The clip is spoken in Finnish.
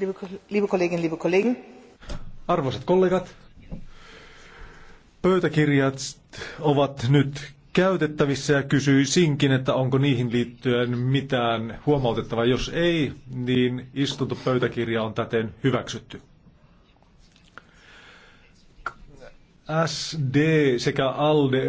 liebe Kolleginnen, liebe Kollegen. Arvoisat kollegat, pöytäkirjat ovat nyt käytettävissä ja kysyisinkin, että onko niihin liittyen mitään huomautettavaa. Jos ei, niin istuntopöytäkirja on täten hyväksytty. SD sekä ALDE